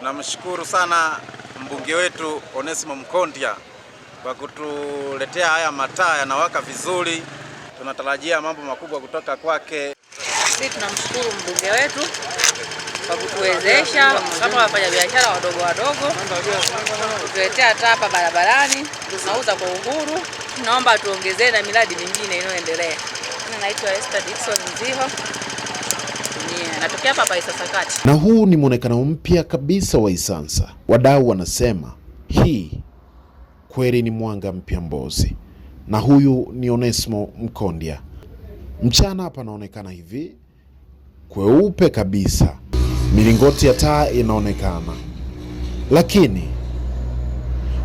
Tunamshukuru sana mbunge wetu Onesimo Mkondya kwa kutuletea haya mataa yanawaka vizuri. Tunatarajia mambo makubwa kutoka kwake. Sisi tunamshukuru mbunge wetu kwa kutuwezesha kama biashara wadogo wadogo, kutuletea taa hapa barabarani, tunauza kwa uhuru. Tunaomba tuongezee na miradi mingine inayoendelea. Naitwa Esther Dickson Mziho. Natokea hapa Isasakati. Na huu ni mwonekano mpya kabisa wa Isansa. Wadau wanasema hii kweli ni mwanga mpya Mbozi, na huyu ni Onesmo Mkondya. Mchana hapa hivi kweupe kabisa, milingoti ya taa inaonekana, lakini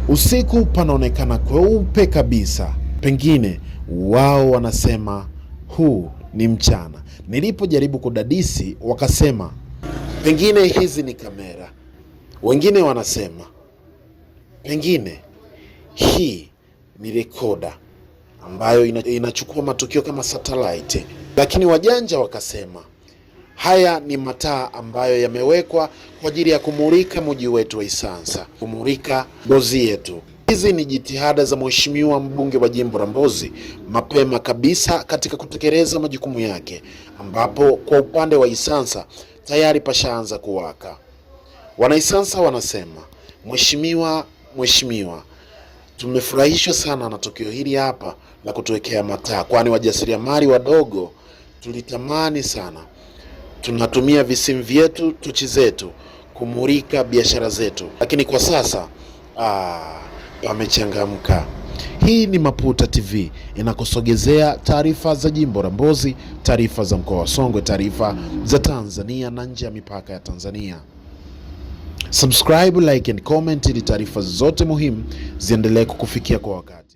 usiku panaonekana kweupe kabisa. Pengine wao wanasema huu ni mchana. Nilipojaribu kudadisi, wakasema pengine hizi ni kamera, wengine wanasema pengine hii ni rekoda ambayo inachukua matukio kama satellite, lakini wajanja wakasema haya ni mataa ambayo yamewekwa kwa ajili ya kumulika mji wetu wa Isansa, kumulika ngozi yetu. Hizi ni jitihada za mheshimiwa mbunge wa jimbo la Mbozi mapema kabisa katika kutekeleza majukumu yake, ambapo kwa upande wa Isansa tayari pashaanza kuwaka. Wanaisansa wanasema mheshimiwa, mheshimiwa, tumefurahishwa sana na tukio hili hapa la kutuwekea mataa, kwani wajasiriamali wadogo tulitamani sana. Tunatumia visimu vyetu, tochi zetu kumurika biashara zetu, lakini kwa sasa aa, wamechangamka Hii ni Maputa TV inakusogezea taarifa za jimbo la Mbozi, taarifa za mkoa wa Songwe, taarifa za Tanzania na nje ya mipaka ya Tanzania. Subscribe, like and comment ili taarifa zote muhimu ziendelee kukufikia kwa wakati.